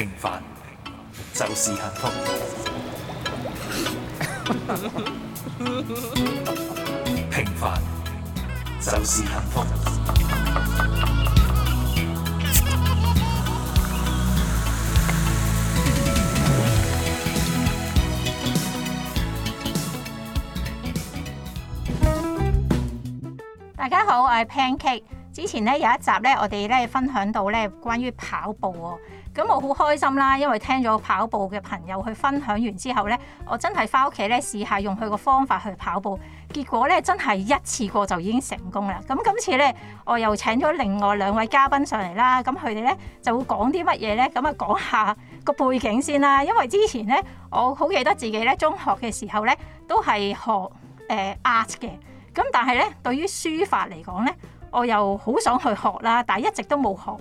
平凡就是幸福。 平凡就是幸福。大家好，我係 Pancake。之前咧有一集咧，我哋咧分享到咧關於跑步。咁我好開心啦，因為聽咗跑步嘅朋友去分享完之後咧，我真係返屋企咧試下用佢個方法去跑步，結果咧真係一次過就已經成功啦。咁今次咧，我又請咗另外兩位嘉賓上嚟啦，咁佢哋咧就會講啲乜嘢咧？咁啊講下個背景先啦，因為之前咧我好記得自己咧中學嘅時候咧都係學誒、呃、Art 嘅，咁但係咧對於書法嚟講咧，我又好想去學啦，但係一直都冇學。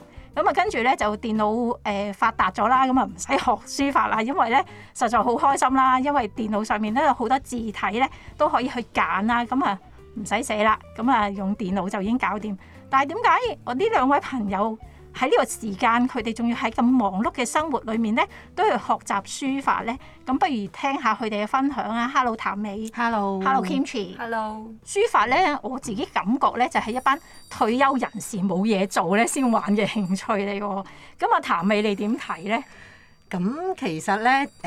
咁啊，跟住咧就電腦誒、呃、發達咗啦，咁啊唔使學書法啦，因為咧實在好開心啦，因為電腦上面咧有好多字體咧都可以去揀啦，咁啊唔使寫啦，咁啊用電腦就已經搞掂。但係點解我呢兩位朋友？喺呢個時間，佢哋仲要喺咁忙碌嘅生活裏面咧，都要學習書法咧。咁不如聽下佢哋嘅分享啊！Hello，譚美。Hello，Hello Kimchi。Hello，書法咧，我自己感覺咧就係一班退休人士冇嘢做咧先玩嘅興趣嚟喎、哦。咁阿譚美，你點睇咧？咁其實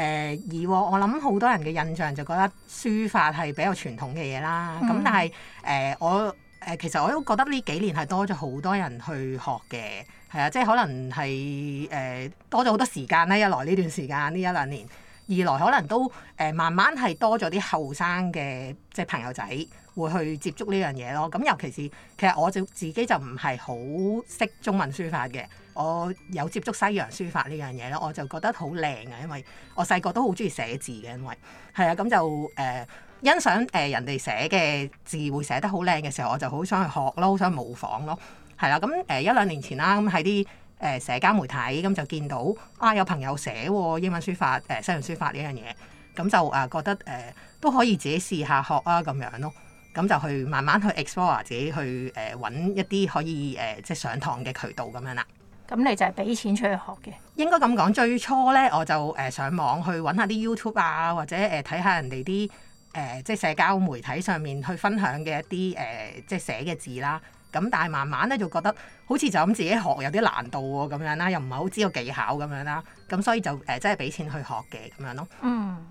咧，以往我諗好多人嘅印象就覺得書法係比較傳統嘅嘢啦。咁、嗯、但係誒、呃、我誒其實我都覺得呢幾年係多咗好多人去學嘅。係啊，即係可能係誒、呃、多咗好多時間啦，一來呢段時間，呢一兩年，二來可能都誒、呃、慢慢係多咗啲後生嘅即係朋友仔會去接觸呢樣嘢咯。咁、嗯、尤其是其實我就自己就唔係好識中文書法嘅，我有接觸西洋書法呢樣嘢咯，我就覺得好靚啊，因為我細個都好中意寫字嘅，因為係啊，咁就誒欣賞誒人哋寫嘅字會寫得好靚嘅時候，我就好想去學咯，好想模仿咯。係啦，咁誒一兩年前啦，咁喺啲誒社交媒體咁就見到啊有朋友寫、哦、英文書法誒西洋書法呢樣嘢，咁就啊覺得誒、呃、都可以自己試下學啊咁樣咯、哦，咁就去慢慢去 explore 自己去誒揾、呃、一啲可以誒、呃、即係上堂嘅渠道咁樣啦。咁你就係俾錢出去學嘅？應該咁講，最初咧我就誒上網去揾下啲 YouTube 啊，或者誒睇下人哋啲。誒、呃，即係社交媒體上面去分享嘅一啲誒、呃，即係寫嘅字啦。咁但係慢慢呢，就覺得好似就咁自己學有啲難度喎、喔，咁樣啦，又唔係好知道技巧咁樣啦。咁所以就誒、呃，真係畀錢去學嘅咁樣咯。嗯。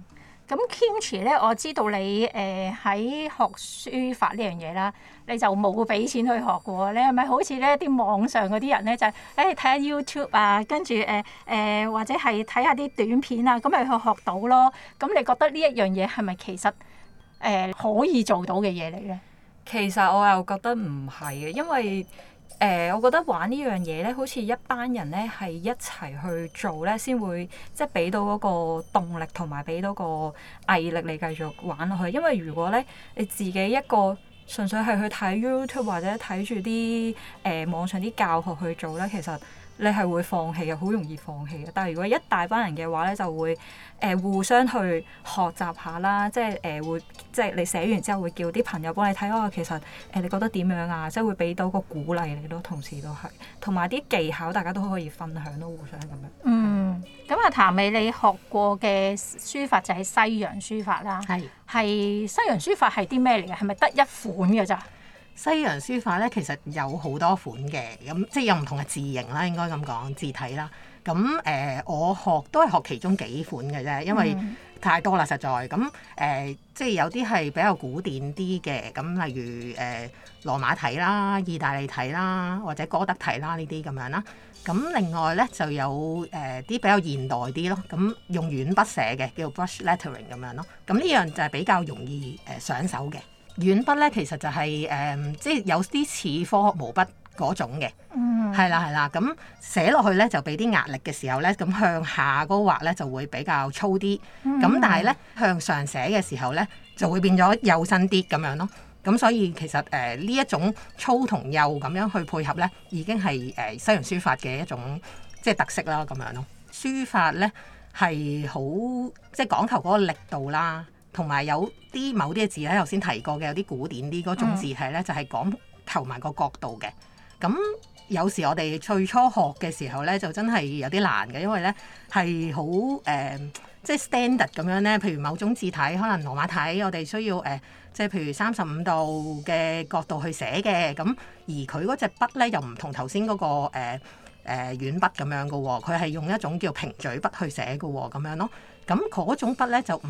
咁 Kimchi 咧，我知道你誒喺、呃、學書法呢樣嘢啦，你就冇俾錢去學過。你係咪好似咧啲網上嗰啲人咧，就係誒、哎、睇下 YouTube 啊，跟住誒誒或者係睇下啲短片啊，咁咪去學到咯？咁、嗯、你覺得呢一樣嘢係咪其實誒、呃、可以做到嘅嘢嚟咧？其實我又覺得唔係嘅，因為，誒、呃，我覺得玩呢樣嘢咧，好似一班人咧係一齊去做咧，先會即係俾到嗰個動力同埋俾到個毅力你繼續玩落去。因為如果咧你自己一個純粹係去睇 YouTube 或者睇住啲誒網上啲教學去做咧，其實～你係會放棄嘅，好容易放棄嘅。但係如果一大班人嘅話咧，就會誒、呃、互相去學習下啦，即係誒會即係你寫完之後會叫啲朋友幫你睇下、啊，其實誒、呃、你覺得點樣啊？即係會俾到個鼓勵你咯，同時都係同埋啲技巧，大家都可以分享咯，互相咁樣。嗯，咁阿吧、嗯啊、譚美，你學過嘅書法就係西洋書法啦，係係是西洋書法係啲咩嚟嘅？係咪得一款嘅咋？西洋書法咧，其實有好多款嘅，咁、嗯、即係有唔同嘅字形啦，應該咁講字體啦。咁、嗯、誒，我學都係學其中幾款嘅啫，因為太多啦，實在。咁誒，即係有啲係比較古典啲嘅，咁、嗯、例如誒、呃、羅馬體啦、意大利體啦，或者哥德體啦呢啲咁樣啦。咁、嗯、另外咧就有誒啲、呃、比較現代啲咯，咁、嗯、用軟筆寫嘅叫 brush lettering 咁樣咯。咁、嗯、呢樣就係比較容易誒、呃、上手嘅。軟筆咧，其實就係、是、誒、嗯，即係有啲似科學毛筆嗰種嘅，係啦係啦。咁、hmm. 寫落去咧，就俾啲壓力嘅時候咧，咁向下嗰畫咧就會比較粗啲。咁、mm hmm. 但係咧向上寫嘅時候咧，就會變咗幼身啲咁樣咯。咁所以其實誒呢、呃、一種粗同幼咁樣去配合咧，已經係誒、呃、西洋書法嘅一種即係特色啦。咁樣咯，書法咧係好即係講求嗰個力度啦。同埋有啲某啲字咧，頭先提過嘅有啲古典啲嗰種字體咧，就係、是、講求埋個角度嘅。咁有時我哋最初學嘅時候咧，就真係有啲難嘅，因為咧係好誒，即係 standard 咁樣咧。譬如某種字體，可能羅馬體，我哋需要誒，即、呃、係譬如三十五度嘅角度去寫嘅。咁而佢嗰隻筆咧，又唔同頭先嗰個誒誒、呃呃、軟筆咁樣嘅喎，佢係用一種叫平嘴筆去寫嘅喎，咁樣咯。咁嗰種筆咧就唔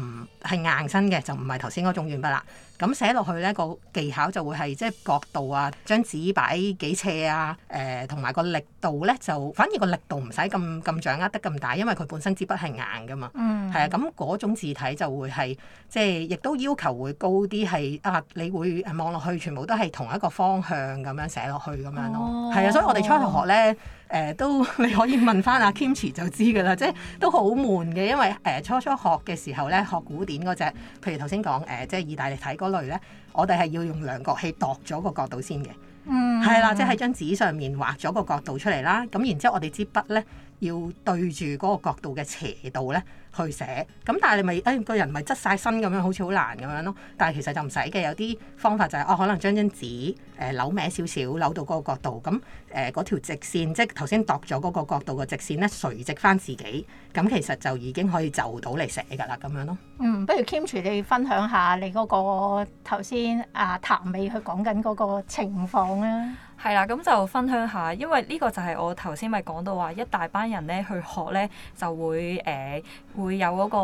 係硬身嘅，就唔係頭先嗰種軟筆啦。咁寫落去咧個技巧就會係即係角度啊，張紙擺幾斜啊，誒同埋個力度咧就反而個力度唔使咁咁掌握得咁大，因為佢本身支筆係硬㗎嘛。嗯。係啊，咁嗰種字體就會係即係亦都要求會高啲，係啊，你會望落去全部都係同一個方向咁樣寫落去咁樣咯。哦。係啊，所以我哋初學學咧。誒、呃、都你可以問翻阿、啊、Kimchi 就知㗎啦，即係都好悶嘅，因為誒、呃、初初學嘅時候咧，學古典嗰隻，譬如頭先講誒，即係意大利體嗰類咧，我哋係要用量角器度咗個角度先嘅，嗯，係啦，即係喺張紙上面畫咗個角度出嚟啦，咁、嗯嗯、然之後我哋支筆咧。要對住嗰個角度嘅斜度咧去寫，咁但係你咪誒個人咪側晒身咁樣，好似好難咁樣咯。但係其實就唔使嘅，有啲方法就係、是、哦，可能將張紙誒扭歪少少，扭到嗰個角度，咁誒嗰條直線，即係頭先度咗嗰個角度嘅直線咧，垂直翻自己，咁其實就已經可以就到嚟寫㗎啦，咁樣咯。嗯，不如 Kimchi 你分享下你嗰、那個頭先啊譚美去講緊嗰個情況啊。係啦，咁就分享下，因為呢個就係我頭先咪講到話，一大班人咧去學咧，就會誒、呃、會有嗰個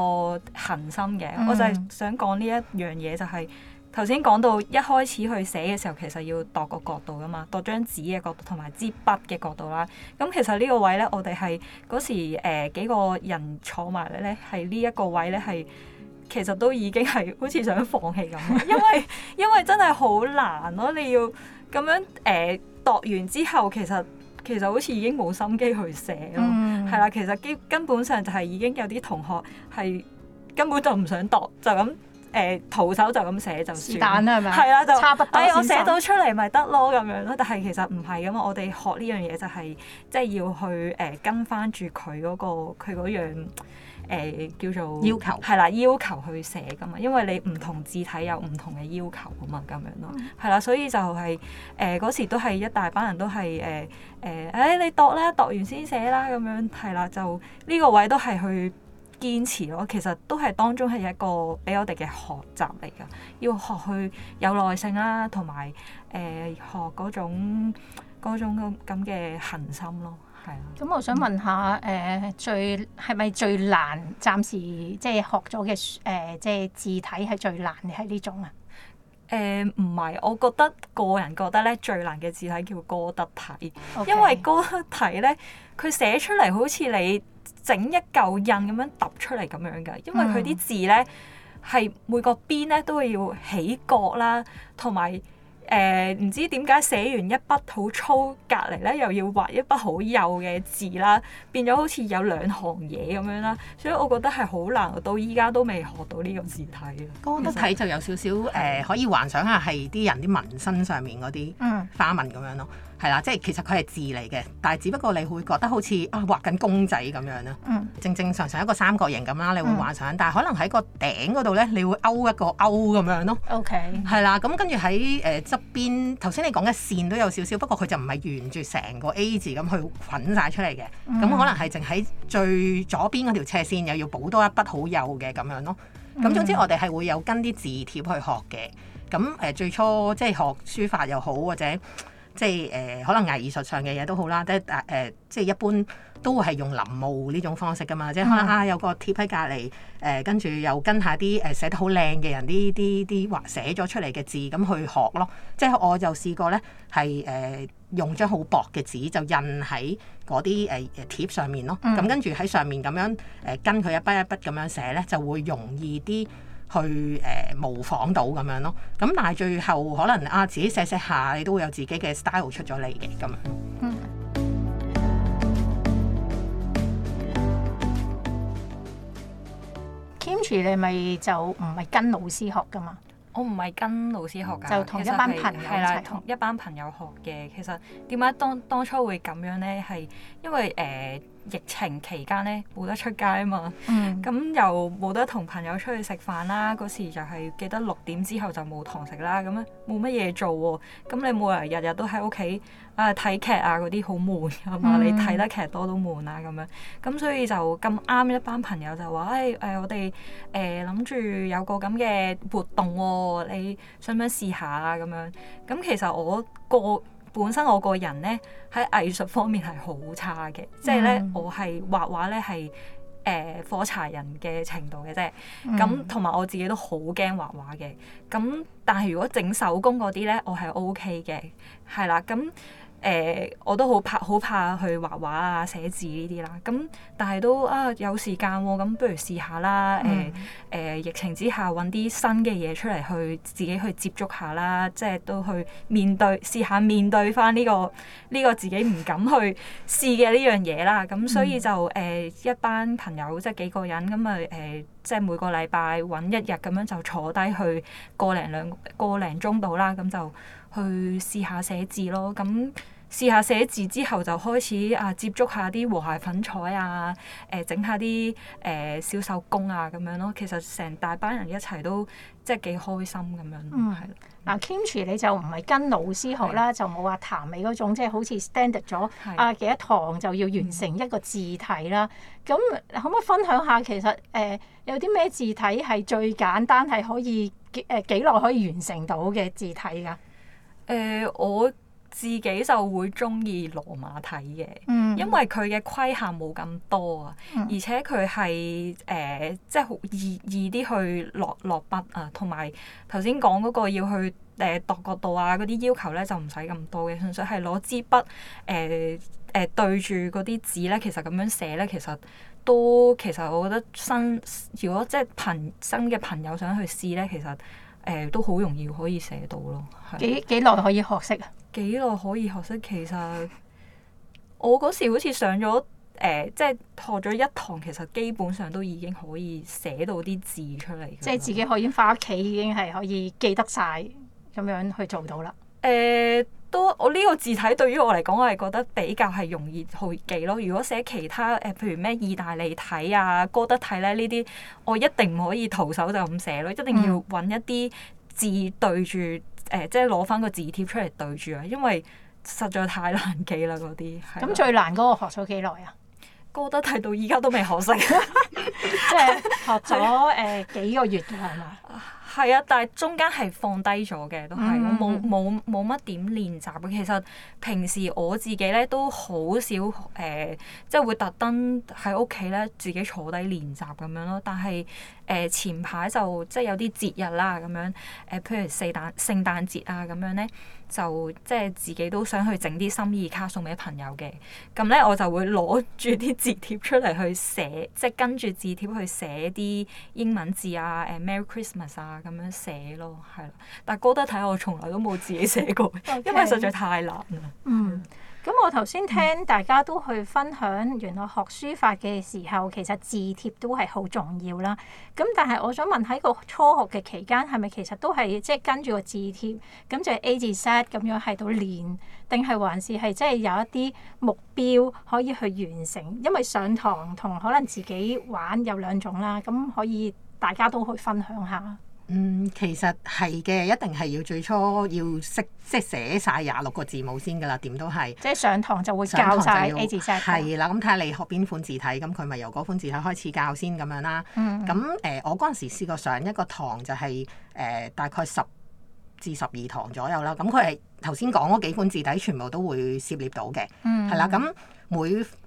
恆心嘅。嗯、我就係想講呢一樣嘢，就係頭先講到一開始去寫嘅時候，其實要度個角度噶嘛，度張紙嘅角度同埋支筆嘅角度啦。咁其實呢個位咧，我哋係嗰時誒、呃、幾個人坐埋嚟咧，係呢一個位咧，係其實都已經係好似想放棄咁， 因為因為真係好難咯、啊，你要。咁樣誒度、呃、完之後，其實其實好似已經冇心機去寫咯，係啦、嗯。其實基根本上就係已經有啲同學係根本就唔想度，就咁誒、呃、徒手就咁寫就算係咪？係啦，就差不多哎，我寫到出嚟咪得咯咁樣咯。但係其實唔係咁啊，我哋學呢樣嘢就係即係要去誒、呃、跟翻住佢嗰個佢嗰樣。誒、呃、叫做要求係啦，要求去寫噶嘛，因為你唔同字體有唔同嘅要求啊嘛，咁樣咯，係、mm hmm. 啦，所以就係誒嗰時都係一大班人都係誒誒，誒、呃呃哎、你度啦，度完先寫啦，咁樣係啦，就呢個位都係去堅持咯。其實都係當中係一個俾我哋嘅學習嚟噶，要學去有耐性啦、啊，同埋誒學嗰種嗰種咁咁嘅恒心咯。咁、嗯、我想問下，誒、呃、最係咪最難？暫時即係學咗嘅誒，即係、呃、字體係最難嘅係呢種啊？誒唔係，我覺得個人覺得咧最難嘅字體叫歌德體，Okay. 因為歌德體咧，佢寫出嚟好似你整一嚿印咁樣揼出嚟咁樣㗎，因為佢啲字咧係、嗯、每個邊咧都要起角啦，同埋。誒、呃，唔知點解寫完一筆好粗，隔籬咧又要畫一筆好幼嘅字啦，變咗好似有兩行嘢咁樣啦，所以我覺得係好難，到依家都未學到呢個字體啊。個字體就有少少誒、呃，可以幻想下係啲人啲紋身上面嗰啲花紋咁樣咯。嗯嗯。係啦，即係其實佢係字嚟嘅，但係只不過你會覺得好似啊畫緊公仔咁樣咯，嗯、正正常常一個三角形咁啦，你會幻想，嗯、但係可能喺個頂嗰度咧，你會勾一個勾咁樣咯。OK，係啦，咁、嗯、跟住喺誒側邊頭先你講嘅線都有少少，不過佢就唔係沿住成個 A 字咁去捆晒出嚟嘅，咁、嗯、可能係淨喺最左邊嗰條斜線又要補多一筆好幼嘅咁樣咯。咁、嗯嗯、總之我哋係會有跟啲字帖去學嘅，咁、嗯、誒、呃、最初即係學書法又好或者。即係誒、呃，可能藝術上嘅嘢都好啦，即係誒、呃，即係一般都會係用臨摹呢種方式噶嘛，mm. 即係可能啊有個帖喺隔離，誒跟住又跟下啲誒寫得好靚嘅人啲啲啲畫寫咗出嚟嘅字咁去學咯。即係我就試過咧，係誒、呃、用張好薄嘅紙就印喺嗰啲誒誒帖上面咯。咁、mm. 跟住喺上面咁樣誒、呃、跟佢一筆一筆咁樣寫咧，就會容易啲。去誒、呃、模仿到咁樣咯，咁但係最後可能啊自己寫寫下，你都會有自己嘅 style 出咗嚟嘅咁。嗯、Kimchi 你咪就唔係跟老師學噶嘛？我唔係跟老師學噶，就同一班朋友一齊，同一班朋友學嘅學。其實點解當當初會咁樣咧？係因為誒、呃疫情期間咧冇得出街啊嘛，咁、嗯、又冇得同朋友出去食飯啦。嗰時就係記得六點之後就冇堂食啦，咁樣冇乜嘢做喎、啊。咁你冇理由日日都喺屋企啊睇劇啊嗰啲好悶啊嘛，嗯、你睇得劇多都悶啊咁樣。咁所以就咁啱一班朋友就話，誒、哎、誒、呃，我哋誒諗住有個咁嘅活動喎、啊，你想唔想試下啊？咁樣。咁其實我個。本身我個人咧喺藝術方面係好差嘅，即係咧我係畫畫咧係誒火柴人嘅程度嘅啫。咁同埋我自己都好驚畫畫嘅。咁但係如果整手工嗰啲咧，我係 OK 嘅，係啦咁。誒、呃，我都好怕，好怕去畫畫啊、寫字呢啲啦。咁但係都啊，有時間咁、哦，不如試下啦。誒誒、嗯呃呃，疫情之下揾啲新嘅嘢出嚟去自己去接觸下啦，即係都去面對試下面對翻、呢、呢個呢、呢個自己唔敢去試嘅呢樣嘢啦。咁所以就誒、嗯呃、一班朋友即係幾個人咁咪誒。即係每個禮拜揾一日咁樣就坐低去個零兩個零鐘度啦，咁就去試下寫字咯，咁。試下寫字之後就開始啊，接觸下啲和諧粉彩啊，誒、呃、整下啲誒、呃、小手工啊咁樣咯。其實成大班人一齊都即係幾開心咁樣，係嗱，Kimchi 你就唔係跟老師學啦，的就冇話譚美嗰種即係好似 standard 咗的啊幾堂就要完成一個字體啦。咁、嗯、可唔可以分享下其實誒、呃、有啲咩字體係最簡單係可以誒幾耐可以完成到嘅字體㗎？誒、呃呃、我。自己就會中意羅馬體嘅，嗯、因為佢嘅規限冇咁多、嗯呃、啊，而且佢係誒即係易易啲去落落筆啊，同埋頭先講嗰個要去誒、呃、度角度啊，嗰啲要求咧就唔使咁多嘅，純粹係攞支筆誒誒、呃呃呃、對住嗰啲字咧，其實咁樣寫咧，其實都其實我覺得新如果即係朋新嘅朋友想去試咧，其實誒、呃、都好容易可以寫到咯。幾幾耐可以學識啊？幾耐可以學識？其實我嗰時好似上咗誒、呃，即係學咗一堂，其實基本上都已經可以寫到啲字出嚟，即係自己可以翻屋企已經係可以記得晒。咁樣去做到啦。誒、呃，都我呢個字體對於我嚟講，我係覺得比較係容易去記咯。如果寫其他誒、呃，譬如咩意大利體啊、哥德體咧呢啲，我一定唔可以徒手就咁寫咯，一定要揾一啲字對住、嗯。誒、呃，即係攞翻個字貼出嚟對住啊！因為實在太難記啦，嗰啲。咁最難嗰個學咗幾耐啊？覺得睇到依家都未學識，即係學咗誒幾個月，係咪？係啊，但係中間係放低咗嘅，都係我冇冇冇乜點練習嘅。其實平時我自己咧都好少誒，即、呃、係、就是、會特登喺屋企咧自己坐低練習咁樣咯，但係。誒、uh, 前排就即係有啲節日啦、啊、咁樣，誒譬如聖誕聖誕節啊咁樣咧，就即係自己都想去整啲心意卡送俾朋友嘅。咁咧我就會攞住啲字帖出嚟去寫，即係跟住字帖去寫啲英文字啊，誒 Okay.、uh, Merry Christmas 啊咁樣寫咯，係啦。但哥德體我從來都冇自己寫過，Okay. 因為實在太難啦。嗯。Mm. 咁我頭先聽大家都去分享，原來學書法嘅時候其實字帖都係好重要啦。咁但係我想問喺個初學嘅期間，係咪其實都係即係跟住個字帖，咁就 A 字 set 咁樣喺度練，定係還是係即係有一啲目標可以去完成？因為上堂同可能自己玩有兩種啦。咁可以大家都去分享下。嗯，其實係嘅，一定係要最初要識即係寫晒廿六個字母先㗎啦，點都係。即係上堂就會教晒 A 字，係啦。咁睇下你學邊款字體，咁佢咪由嗰款字體開始教先咁樣啦。咁誒、嗯嗯嗯，我嗰陣時試過上一個堂就係、係、誒、嗯、大概十至十二堂左右啦。咁佢係頭先講嗰幾款字體，全部都會涉獵到嘅、嗯。嗯，係啦，咁。每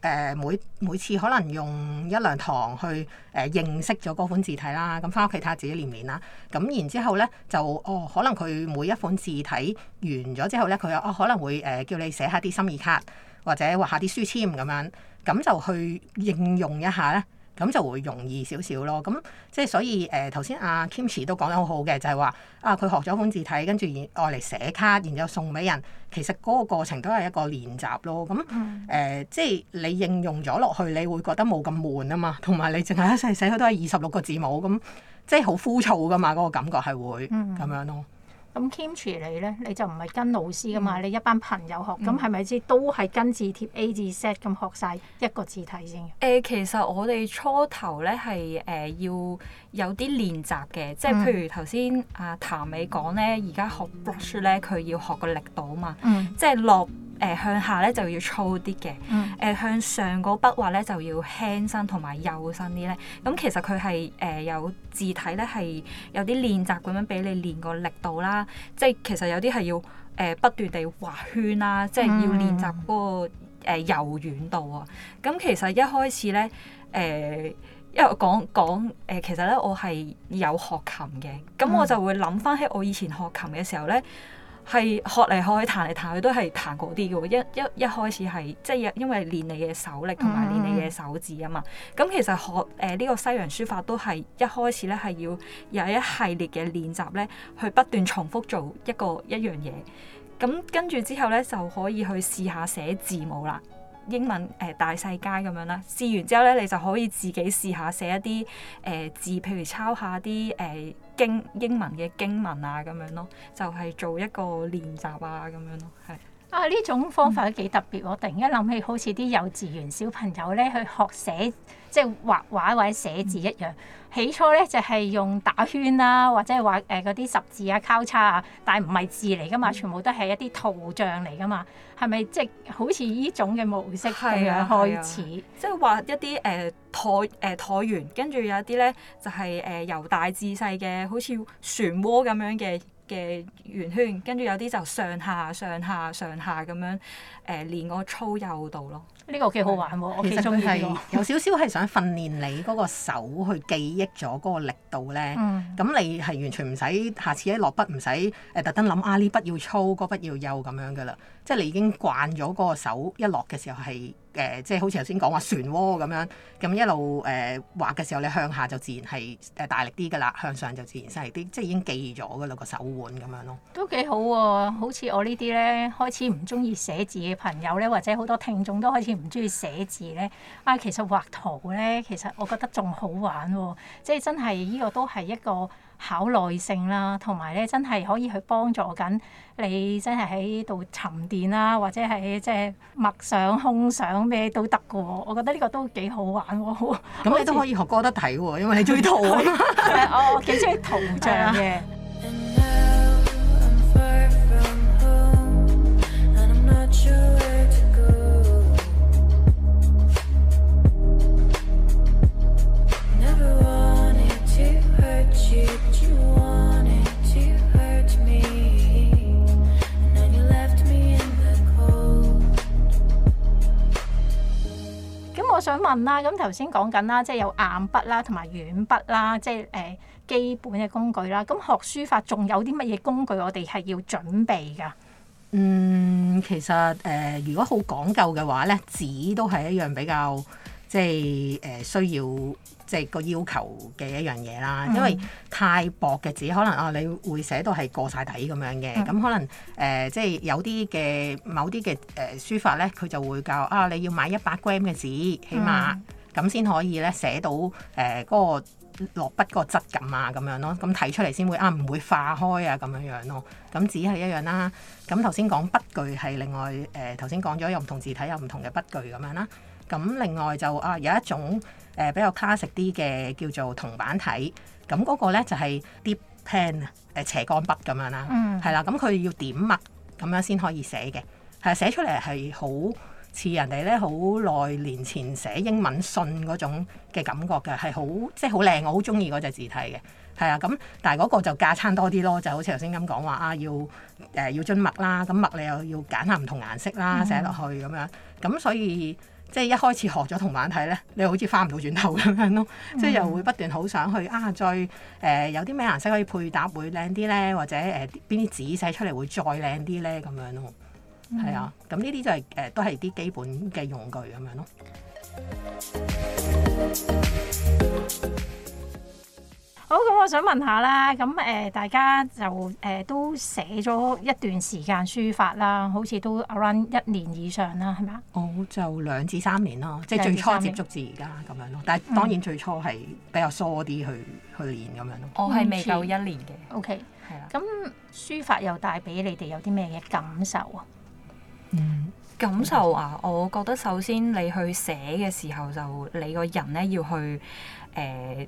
誒每每次可能用一兩堂去誒認識咗嗰款字體啦，咁翻屋企睇下自己練練啦。咁然之後咧，就哦可能佢每一款字體完咗之後咧，佢又哦可能會誒叫你寫下啲心意卡，或者畫下啲書籤咁樣，咁就去應用一下咧。咁就會容易少少咯，咁即係所以誒頭先阿 Kimchi 都講得好好嘅，就係、是、話、呃、啊佢、就是啊、學咗本字體，跟住愛嚟寫卡，然之後送俾人，其實嗰個過程都係一個練習咯。咁誒，即、呃、係、就是、你應用咗落去，你會覺得冇咁悶啊嘛，同埋你淨係一世寫佢都係二十六個字母，咁即係好枯燥噶嘛，嗰、那個感覺係會咁、嗯、樣咯。咁 Kimchi 你咧，你就唔係跟老師噶嘛，嗯、你一班朋友學，咁係咪知都係跟字帖 A 字 set 咁學晒一個字體先？誒、呃，其實我哋初頭咧係誒要有啲練習嘅，即係譬如頭先啊譚美講咧，而家學 brush 咧，佢要學個力度啊嘛，嗯、即係落。誒、呃、向下咧就要粗啲嘅，誒、嗯呃、向上嗰筆畫咧就要輕身同埋幼身啲咧。咁、嗯、其實佢係誒有字體咧係有啲練習咁樣俾你練個力度啦。即係其實有啲係要誒、呃、不斷地畫圈啦，即係要練習嗰、那個、嗯呃、柔軟度啊。咁、嗯、其實一開始咧，誒因為講講誒、呃、其實咧我係有學琴嘅，咁我就會諗翻起我以前學琴嘅時候咧。係學嚟學去彈嚟彈去都係彈嗰啲嘅，一一一開始係即係因為練你嘅手力同埋練你嘅手指啊嘛。咁、嗯、其實學誒呢、呃呢個西洋書法都係一開始咧係要有一系列嘅練習咧，去不斷重複做一個一樣嘢。咁跟住之後咧就可以去試下寫字母啦，英文誒、呃、大細階咁樣啦。試完之後咧你就可以自己試下寫一啲誒、呃、字，譬如抄下啲誒、呃經英文嘅經文啊，咁樣咯，就係、是、做一個練習啊，咁樣咯，係啊，呢種方法都幾特別，嗯、我突然間諗起好似啲幼稚園小朋友咧去學寫。即係畫畫或者寫字一樣，起初咧就係、是、用打圈啦、啊，或者畫誒嗰啲十字啊、交叉啊，但係唔係字嚟噶嘛，全部都係一啲圖像嚟噶嘛，係咪即係好似依種嘅模式咁樣開始？即係、啊啊就是、畫一啲誒橢誒橢圓，跟住有啲咧就係、是、誒、呃、由大至細嘅，好似漩渦咁樣嘅嘅圓圈，跟住有啲就上下上下上下咁樣誒練、呃、個粗幼度咯。呢個幾好玩喎，嗯、我幾中意喎。其實仲係有少少係想訓練你嗰個手去記憶咗嗰個力度咧。咁、嗯、你係完全唔使下次一落筆唔使誒特登諗啊呢筆要粗，嗰筆要幼咁樣噶啦。即係你已經慣咗嗰個手一落嘅時候係誒、呃，即係好似頭先講話旋渦咁樣，咁一路誒、呃、畫嘅時候，你向下就自然係誒大力啲㗎喇，向上就自然細啲，即係已經記咗㗎喇個手腕咁樣咯。都幾好喎、啊，好似我呢啲咧開始唔中意寫字嘅朋友咧，或者好多聽眾都開始唔中意寫字咧，啊其實畫圖咧，其實我覺得仲好玩喎、哦，即係真係呢個都係一個。考耐性啦，同埋咧真係可以去幫助緊你，真係喺度沉澱啦，或者係即係默想、空想咩都得嘅喎。我覺得呢個都幾好玩喎、哦，咁你、嗯、都可以學過得睇喎、哦，因為你中意圖啊嘛。哦，我我幾中意圖像嘅、啊。 我想問啦，咁頭先講緊啦，即係有硬筆啦，同埋軟筆啦，即係誒、呃、基本嘅工具啦。咁學書法仲有啲乜嘢工具？我哋係要準備㗎。嗯，其實誒、呃，如果好講究嘅話咧，紙都係一樣比較，即係誒需要，即係個要求嘅一樣嘢啦。嗯、因為太薄嘅紙，可能啊，你會寫到係過晒底咁樣嘅。咁、嗯、可能誒、呃，即係有啲嘅某啲嘅誒書法咧，佢就會教啊，你要買一百 gram 嘅紙，起碼咁先、嗯、可以咧寫到誒嗰、呃嗰個落筆嗰個質感啊，咁樣咯。咁睇出嚟先會啊，唔會化開啊，咁樣樣咯。咁紙係一樣啦。咁頭先講筆具係另外誒，頭先講咗有唔同字體有唔同嘅筆具咁樣啦。咁另外就啊有一種誒比較 classic 啲嘅叫做銅板體，咁嗰個咧就係啲 deep pen 啊，斜鋼筆咁樣啦，係啦，咁佢要點墨咁樣先可以寫嘅。係寫出嚟係好似人哋咧好耐年前寫英文信嗰種嘅感覺㗎，係好即係好靚，我好鍾意嗰隻字體嘅，係啊，咁但係嗰個就架撐多啲咯，就好似頭先咁講話啊要誒、呃、要樽墨啦，咁墨你又要揀下唔同顏色啦，寫落去咁樣，咁所以。即係一開始學咗同版睇咧，你好似翻唔到轉頭咁樣咯，即係又會不斷好想去啊！再誒、呃、有啲咩顏色可以配搭會靚啲咧，或者誒邊啲紙寫出嚟會再靚啲咧咁樣咯，係啊！咁呢啲就係誒都係啲基本嘅用具咁樣咯。好，咁我想問下啦，咁誒、呃、大家就誒、呃、都寫咗一段時間書法啦，好似都 around 一年以上啦，係咪啊？我就兩至三年啦，年即係最初接觸至而家咁樣咯。嗯、但係當然最初係比較疏啲去去練咁樣咯。嗯、我係未夠一年嘅。OK，係啦。咁的、okay，書法又帶俾你哋有啲咩嘅感受啊？嗯，感受啊，我覺得首先你去寫嘅時候就你個人咧要去誒。呃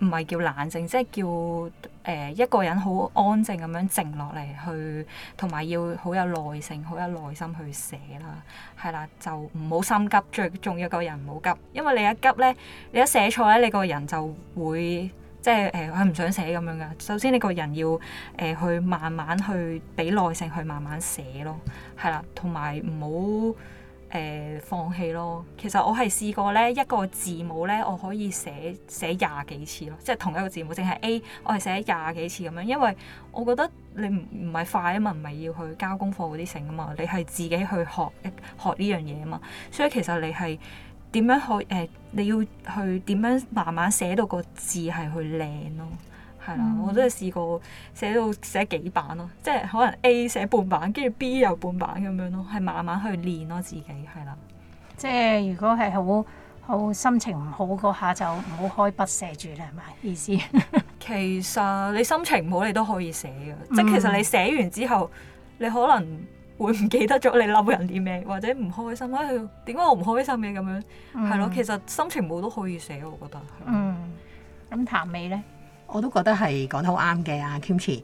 唔係叫冷靜，即係叫誒、呃、一個人好安靜咁樣靜落嚟去，同埋要好有耐性、好有耐心去寫啦，係啦，就唔好心急，最重要個人唔好急，因為你一急呢，你一寫錯呢，你個人就會即係誒佢唔想寫咁樣㗎。首先你個人要誒、呃、去慢慢去俾耐性去慢慢寫咯，係啦，同埋唔好，誒放棄咯，其實我係試過咧一個字母咧，我可以寫寫廿幾次咯，即係同一個字母，淨係 A，我係寫廿幾次咁樣，因為我覺得你唔唔係快啊嘛，唔係要去交功課嗰啲成啊嘛，你係自己去學學呢樣嘢啊嘛，所以其實你係點樣去誒、呃，你要去點樣慢慢寫到個字係去靚咯。係啦，我都係試過寫到寫幾版咯，啊，即係可能 A 寫半版，跟住 B 又半版咁樣咯，係慢慢去練咯，自己係啦。即係如果係好好心情唔好嗰下就唔好開筆寫住啦，係咪意思？ 其實你心情唔好你都可以寫噶，嗯，即係其實你寫完之後你可能會唔記得咗你嬲人啲咩，或者唔開、哎、開心啊，點解我唔開心嘅，咁樣？係咯，嗯，其實心情唔好都可以寫，我覺得。嗯，咁譚美咧？我都覺得係講得好啱嘅啊，Kimchi。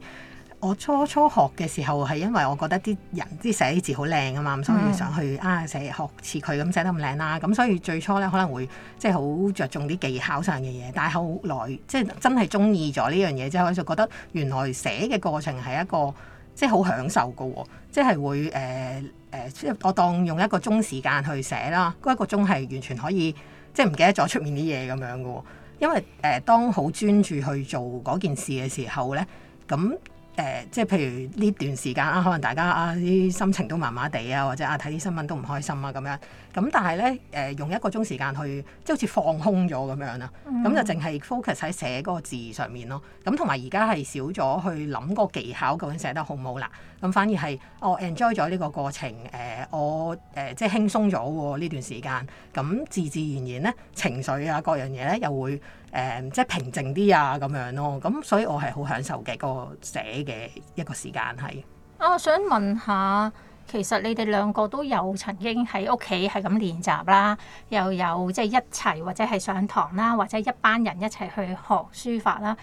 我初初學嘅時候係因為我覺得啲人啲寫啲字好靚啊嘛，咁所以想去、mm. 啊，寫學似佢咁寫得咁靚啦。咁所以最初咧可能會即係好着重啲技巧上嘅嘢，但係後來即係真係鍾意咗呢樣嘢之後，我就覺得原來寫嘅過程係一個即係好享受㗎喎，即係會誒誒，呃、即我當用一個鐘時間去寫啦，嗰一個鐘係完全可以即係唔記得咗出面啲嘢咁樣㗎喎。因為誒、呃，當好專注去做嗰件事嘅時候呢，咁。誒、呃，即係譬如呢段時間啊，可能大家啊啲心情都麻麻地啊，或者啊睇啲新聞都唔開心啊咁樣。咁但係咧，誒、呃、用一個鐘時,時間去，即係好似放空咗咁樣啦。咁、嗯、就淨係 focus 喺寫嗰個字上面咯。咁同埋而家係少咗去諗個技巧究竟寫得好唔好啦。咁、嗯、反而係我、哦、enjoy 咗呢個過程，誒、呃、我誒、呃、即係輕鬆咗呢、啊、段時間。咁、嗯、自自然然咧，情緒啊各樣嘢咧又會。誒、嗯，即係平靜啲啊，咁樣咯。咁所以我係好享受嘅、個寫嘅一個時間係。啊，我想問下，其實你哋兩個都有曾經喺屋企係咁練習啦，又有即係、就是、一齊或者係上堂啦，或者一班人一齊去學書法啦。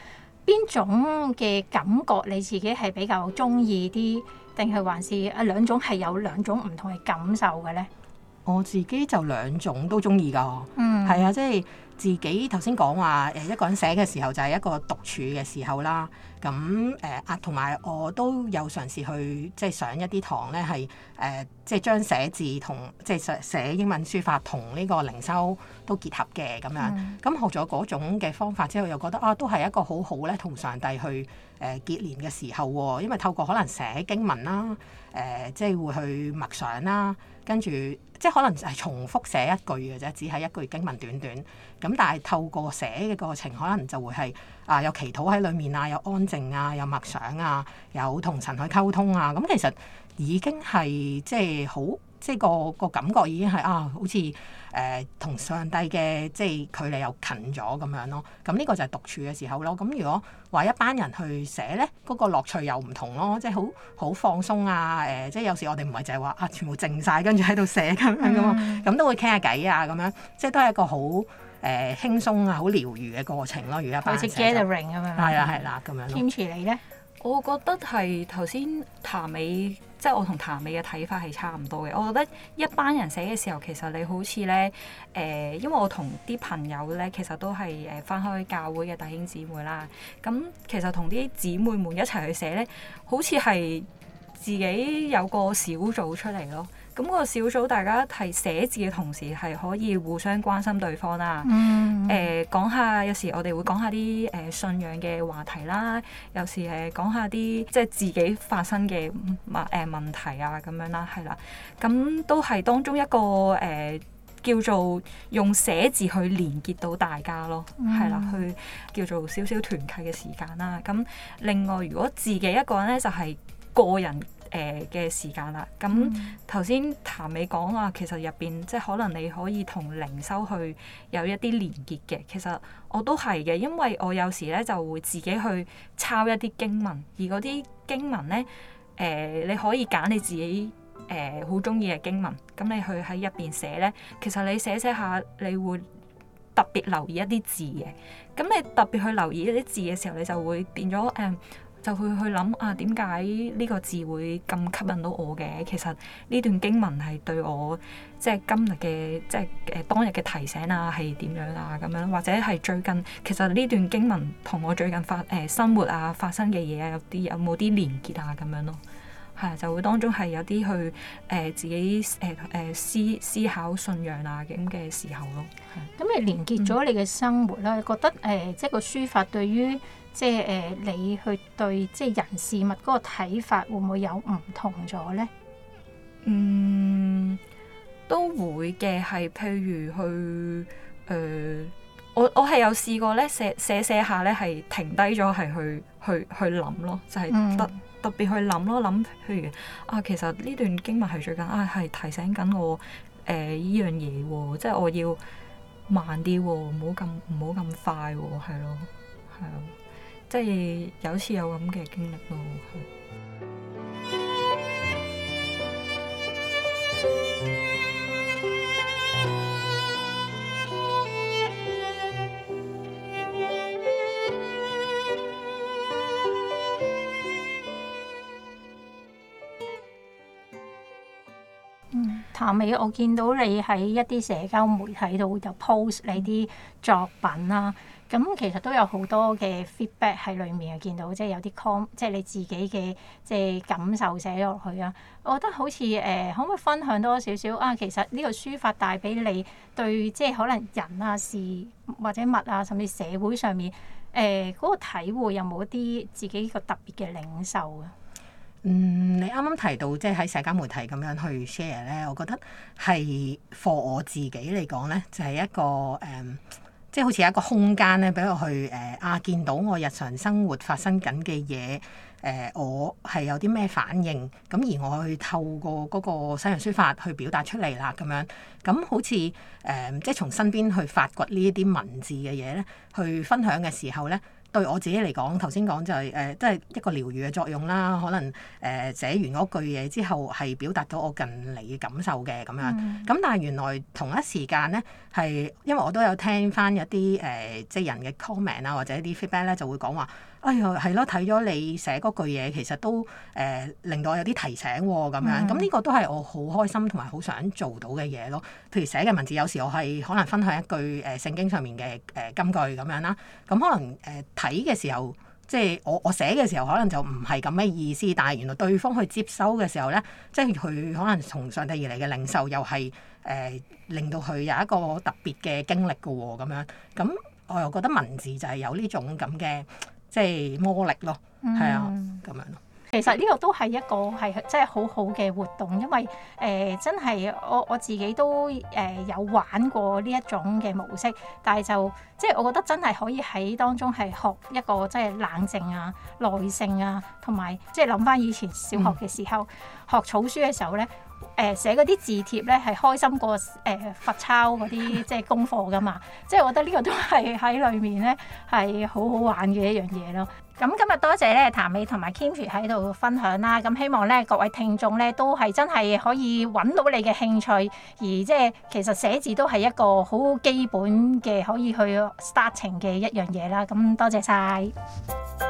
邊種嘅感覺你自己係比較中意啲，定係還是啊兩種係有兩種唔同嘅感受嘅咧？我自己就兩種都中意㗎，嗯，係啊，即係。自己頭先講話誒一個人寫嘅時候就係一個獨處嘅時候啦，咁誒啊，同、呃、埋我都有嘗試去即係、就是、上一啲堂咧，係誒即係將寫字同即係、就是、寫英文書法同呢個靈修都結合嘅咁樣。咁、嗯、學咗嗰種嘅方法之後，又覺得啊，都係一個好好咧同上帝去誒、呃、結連嘅時候喎、哦，因為透過可能寫經文啦，誒即係會去默想啦。跟住即係可能係重複寫一句嘅啫，只係一句經文短短咁，但係透過寫嘅過程，可能就會係啊有祈禱喺裡面啊，有安靜啊，有默想啊，有同神去溝通啊，咁其實已經係即係好。即係個個感覺已經係啊，好似誒、呃、同上帝嘅即係距離又近咗咁樣咯。咁、這、呢個就係獨處嘅時候咯。咁如果話一班人去寫咧，嗰、那個樂趣又唔同咯。即係好好放鬆啊！誒、呃，即係有時我哋唔係淨係話啊，全部靜晒，跟住喺度寫咁樣咯。咁、啊、都會傾下偈啊，咁樣即係都係一個好誒輕鬆啊、好療愈嘅過程咯。如果一班人好似 gathering 咁樣，係啦係啦咁樣。Kimchi 你咧？我覺得係頭先譚美。即係我同譚美嘅睇法係差唔多嘅，我覺得一班人寫嘅時候，其實你好似咧誒，因為我同啲朋友咧，其實都係誒返開教會嘅弟兄姊妹啦。咁其實同啲姊妹們一齊去寫咧，好似係自己有個小組出嚟咯。咁個小組大家係寫字嘅同時，係可以互相關心對方啦。誒、嗯呃，講下有時我哋會講一下啲誒、呃、信仰嘅話題啦。有時誒、呃、講下啲即係自己發生嘅問誒問題啊咁樣啦，係啦。咁都係當中一個誒、呃、叫做用寫字去連結到大家咯，係、嗯、啦，去叫做少少團契嘅時間啦。咁另外如果自己一個人咧，就係、是、個人。誒嘅時間啦，咁頭先譚美講啊，其實入邊即係可能你可以同靈修去有一啲連結嘅。其實我都係嘅，因為我有時咧就會自己去抄一啲經文，而嗰啲經文咧誒、呃，你可以揀你自己誒好中意嘅經文，咁你去喺入邊寫咧，其實你寫一寫下，你會特別留意一啲字嘅。咁你特別去留意一啲字嘅時候，你就會變咗誒。嗯就會去諗啊，點解呢個字會咁吸引到我嘅？其實呢段經文係對我即係今日嘅即係誒當日嘅提醒啊，係點樣啊咁樣，或者係最近其實呢段經文同我最近發誒、呃、生活啊發生嘅嘢啊有啲有冇啲連結啊咁樣咯，係就會當中係有啲去誒、呃、自己誒誒、呃、思思考信仰啊咁嘅時候咯。咁你連結咗你嘅生活啦，嗯、你覺得誒、呃、即係個書法對於。即係誒、呃，你去對即係人事物嗰個睇法會唔會有唔同咗咧？嗯，都會嘅，係譬如去誒、呃，我我係有試過咧，寫寫寫下咧，係停低咗，係去去去諗咯，就係、是嗯、特特別去諗咯，諗譬如啊，其實呢段經文係最緊啊，係提醒緊我誒呢、呃、樣嘢，即係我要慢啲，唔好咁唔好咁快，係咯，係啊。即係有次有咁嘅經歷咯。嗯，譚美，我見到你喺一啲社交媒體度就 post 咗你啲作品啦。嗯咁其實都有好多嘅 feedback 喺裏面啊，見到即係有啲 comment 即係你自己嘅即係感受寫落去啊。我覺得好似誒、呃，可唔可以分享多少少啊？其實呢個書法帶俾你對即係可能人啊事或者物啊，甚至社會上面誒嗰、呃那個體會，有冇一啲自己個特別嘅領受啊？嗯，你啱啱提到即係喺社交媒體咁樣去 share 咧，我覺得係 for 我自己嚟講咧，就係、是、一個誒。Um, 即係好似有一個空間咧，俾我去誒啊，見到我日常生活發生緊嘅嘢，誒、啊、我係有啲咩反應，咁而我去透過嗰個西洋書法去表達出嚟啦，咁樣，咁好似誒、啊、即係從身邊去發掘呢一啲文字嘅嘢咧，去分享嘅時候咧。對我自己嚟講，頭先講就係誒，即係一個療癒嘅作用啦。可能誒寫完嗰句嘢之後，係表達到我近嚟嘅感受嘅咁樣。咁、嗯、但係原來同一時間咧，係因為我都有聽返一啲誒，即係人嘅 comment 啊，或者一啲 feedback 咧，就會講話。哎唷，係咯，睇咗你寫嗰句嘢，其實都誒、呃、令到我有啲提醒喎。咁樣，咁呢個都係我好開心同埋好想做到嘅嘢咯。譬如寫嘅文字，有時我係可能分享一句誒聖經上面嘅誒金句咁樣啦。咁可能誒睇嘅時候，即係我我寫嘅時候，可能就唔係咁嘅意思，但係原來對方去接收嘅時候咧，即係佢可能從上帝而嚟嘅領受，又係誒令到佢有一個特別嘅經歷嘅喎。咁樣，咁我又覺得文字就係有呢種咁嘅。即係魔力咯，係啊、嗯，咁樣咯。其實呢個都係一個係即係好好嘅活動，因為誒、呃、真係我我自己都誒有玩過呢一種嘅模式，但係就即係我覺得真係可以喺當中係學一個即係冷靜啊、耐性啊，同埋即係諗翻以前小學嘅時候、嗯、學草書嘅時候咧。誒寫嗰啲字帖咧係開心過誒罰抄嗰啲即係功課㗎嘛，即係我覺得呢個都係喺裏面咧係好好玩嘅一樣嘢咯。咁今日多謝咧譚美同埋 Kimchi 喺度分享啦，咁希望咧各位聽眾咧都係真係可以揾到你嘅興趣，而即係其實寫字都係一個好基本嘅可以去 starting 嘅一樣嘢啦。咁多謝晒。